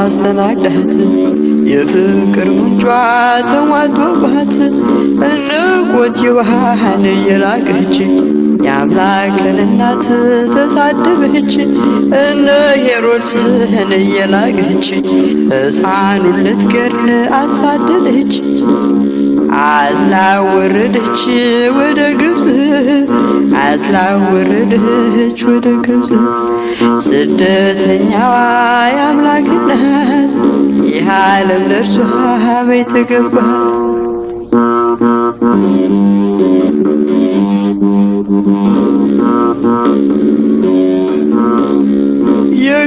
አስተናጋት የፍቅር ምንጯ ተሟጦባት እንቆት የባህን የላቀች የአምላክን እናት ተሳደበች እነ ሄሮድስን የላቀች ሕፃኑን ልትገድል አሳደደች። አዝላ ወረደች ወደ ግብፅ አዝላ ወረደች ወደ ግብፅ ስደተኛዋ የአምላክነት ይህ ዓለም ለእርሷ ቤት ገባ።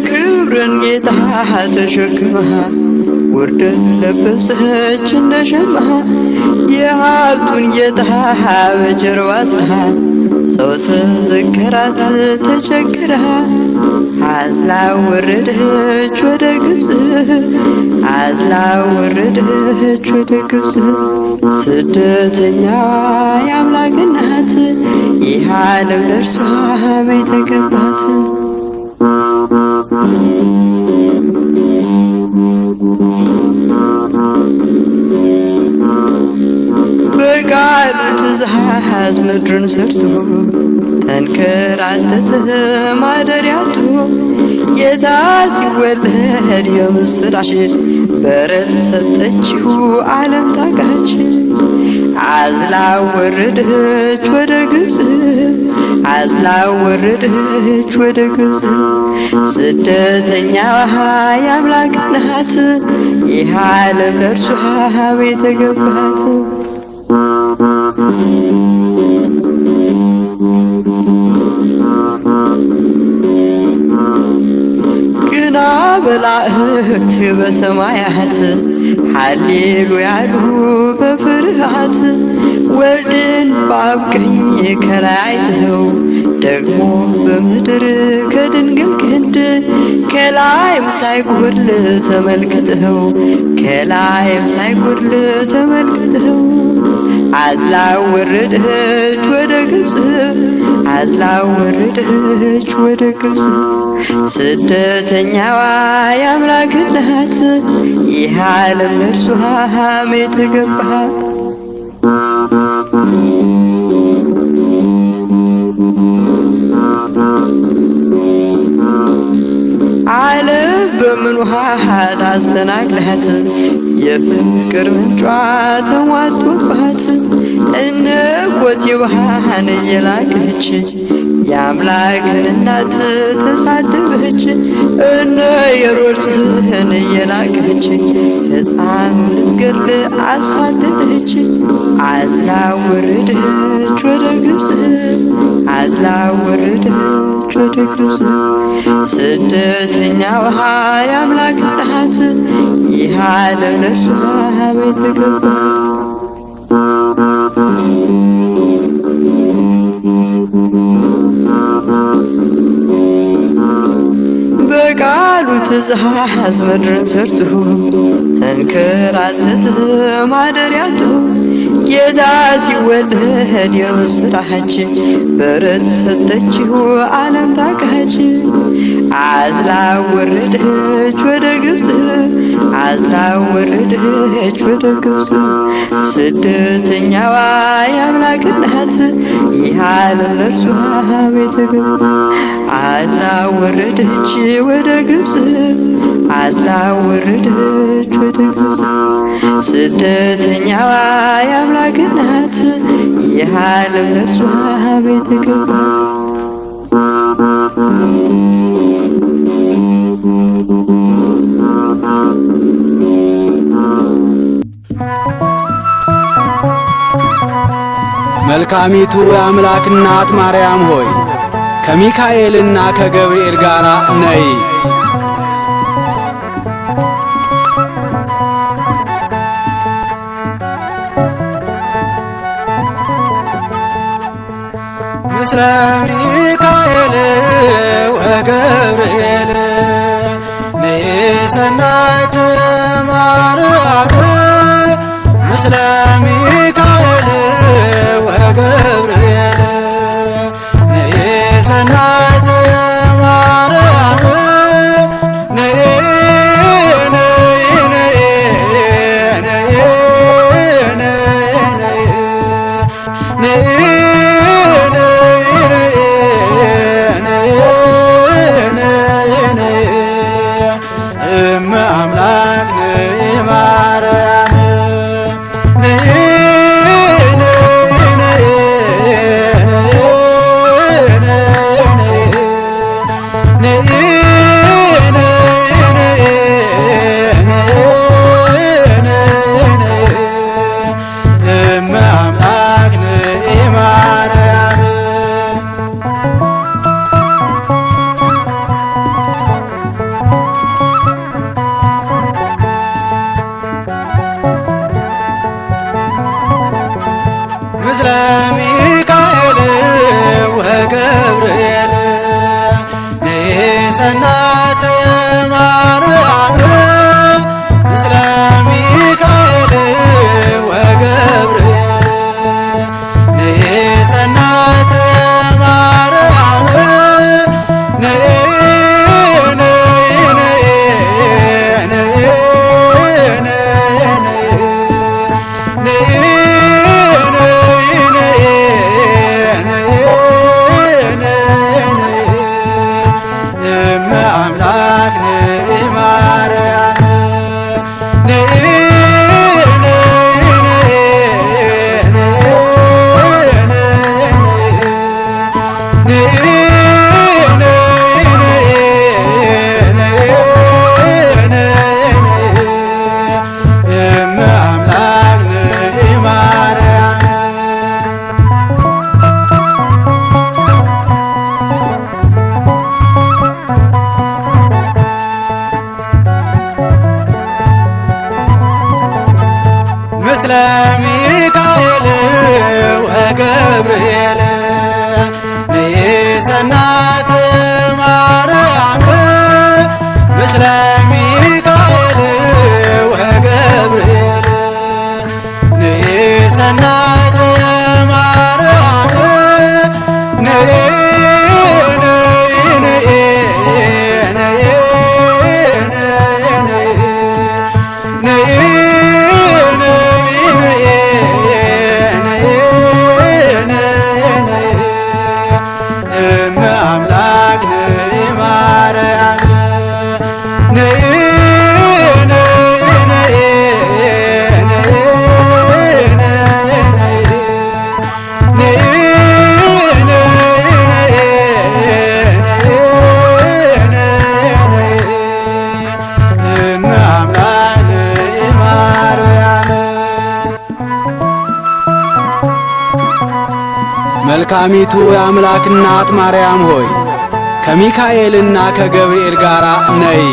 ክብርን ጌታ ተሸክመሃ ውርደት ለበሰች እንደ ሸማ የሀብቱን ጌጣ በጀርባ ሰው ተዘከራት ተቸግራ አዝላ ወረደች ወደ ግብፅ አዝላ ወረደች ወደ ግብፅ ስደተኛዋ የአምላክ እናት ይህ ዓለም ለእርሷ ቤት ገባት። በቃል ትእዛዝ ምድርን ሰርቶ ተንከራተተ ማደሪያቱ ጌታ ሲወለድ የምስራች በረት ሰጠችው ዓለም ታቃች። አዝላ ወረደች ወደ ግብፅ አዝላ ወረደች ወደ ግብፅ ስደተኛ የአምላክ ናት ይህ ዓለም ለእርሷ ቤት ገባት። እና በላእት በሰማያት ሃሌሉያ ያሉ በፍርሃት ወልድን በአብ ቀኝ ከላይ አይተኸው ደግሞ በምድር ከድንግል ክንድ ከላይም ሳይጎድል ተመልክተኸው ከላይም ሳይጎድል ተመልክተኸው አዝላ ወረደች ወደ ግብፅ አዝላ ወረደች ወደ ግብፅ ስደተኛዋ የአምላክ እናት ይህ ዓለም ለእርሷ ሐሜት ገባ። ዓለም በምን ውሃ የፍቅር ምንጯ ተሟጦባት እነ ኮቴ ውሃን የአምላክን እናት ተሳደበች፣ እነ ሄሮድስን የናቀች፣ ሕፃን ገድል አሳደደች። አዝላ ወረደች ወደ ግብፅ፣ አዝላ ወረደች ወደ ግብፅ። ስደተኛ ውሃ የአምላክ ናት፣ ይህ ዓለም ለእርሷ ቤት ገባት። በቃሉ ትጽሐስ ምድርን ሰርቶ ተንከራተት ማደሪያቱ ጌታ ሲወለድ የምስራች በረት ሰጠችው ዓለም ታቃች። አዝላ ወረደች ወደ ግብፅ አዝላ ወረደች ወደ ግብፅ ስደተኛዋ የአምላክ እናት ለርሱ ለርሷ ቤተ ግብ አዝላ ወረደች ወደ ግብፅ አዝላ ወረደች ወደ ግብፅ ስደተኛዋ የአምላክ እናት የዓለም ለእርሷ ቤት ገባት። መልካሚቱ የአምላክ እናት ማርያም ሆይ ከሚካኤልና ከገብርኤል ጋር ነይ ምስለ ሚካኤል ወገብርኤል ንሰናይት ማርያም ምስለ ሚካኤል ወገብርኤል ንሰናይ Krishna ቀዳሚቱ የአምላክ እናት ማርያም ሆይ ከሚካኤልና ከገብርኤል ጋር ነይ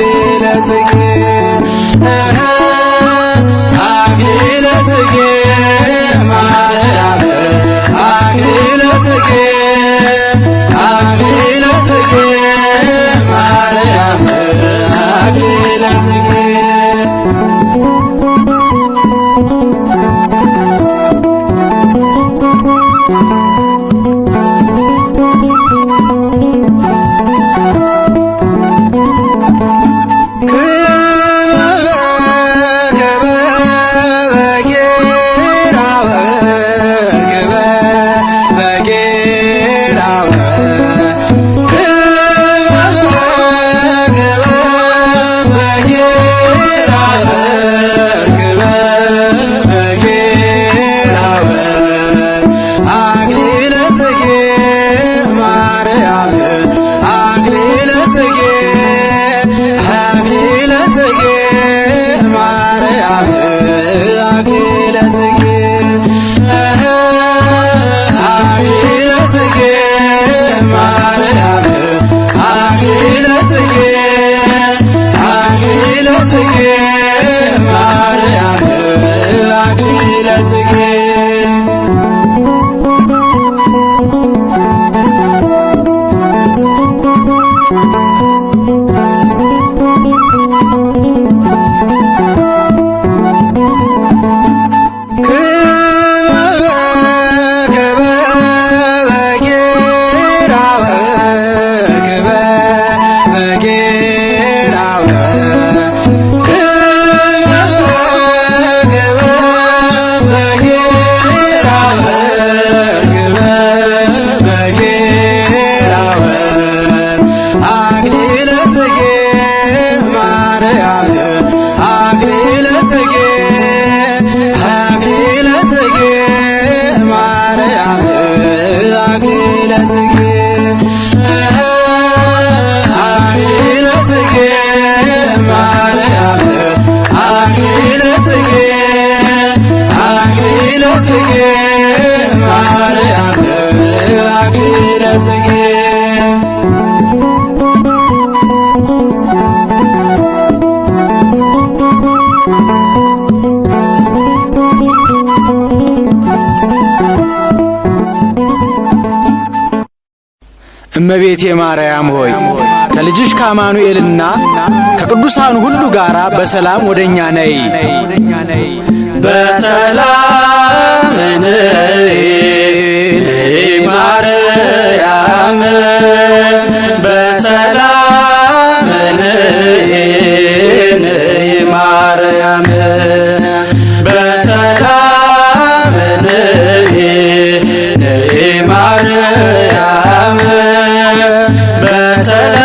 الليل سيئ እመቤቴ ማርያም ሆይ ከልጅሽ ከአማኑኤልና ከቅዱሳን ሁሉ ጋር በሰላም ወደ እኛ ነይ። በሰላም ነይ ማርያም حسنة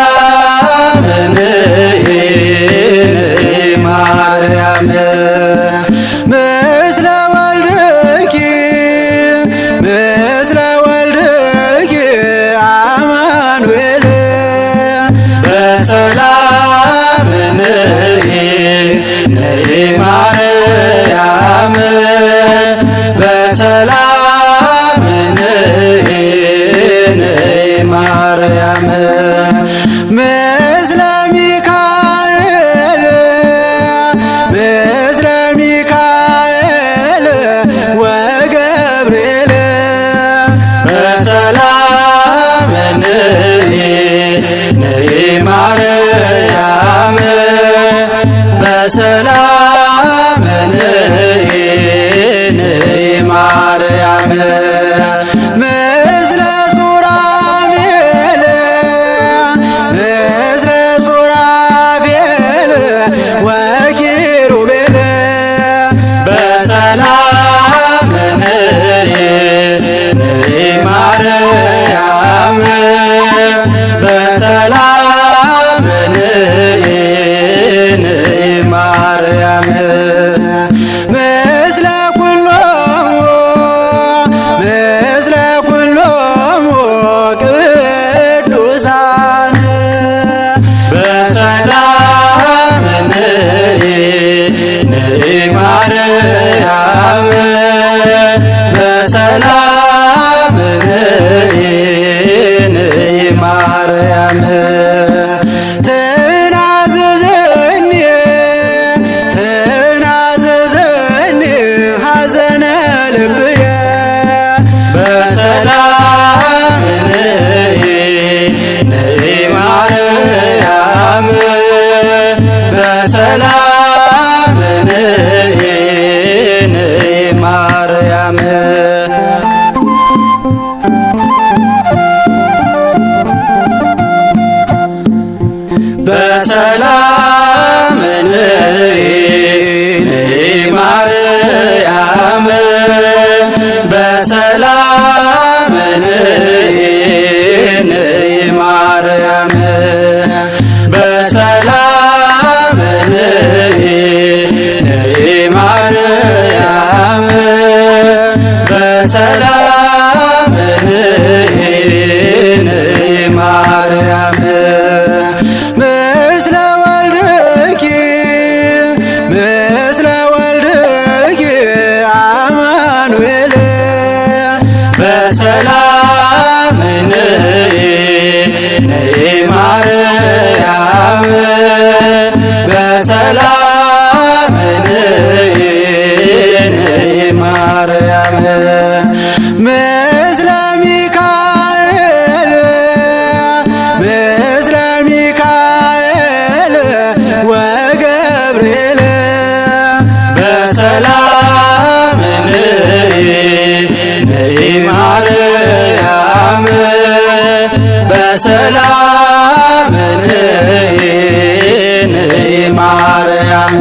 በሰላም ሰላም ሰላም ነይ ማርያም በሰላም ነይ ማርያም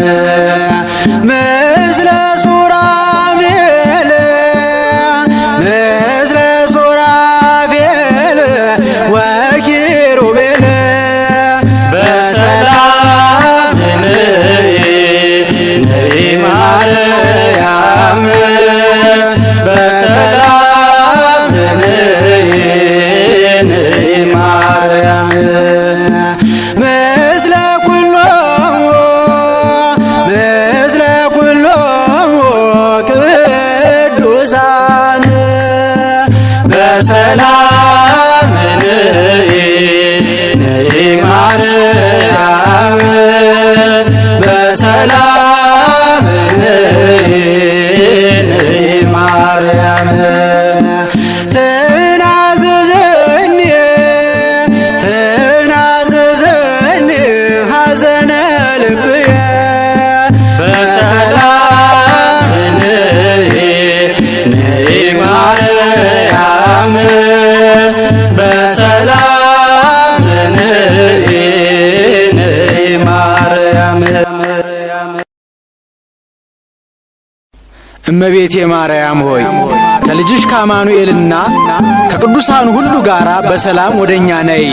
እመቤቴ ማርያም ሆይ ከልጅሽ ከአማኑኤልና ከቅዱሳን ሁሉ ጋር በሰላም ወደኛ ነይ።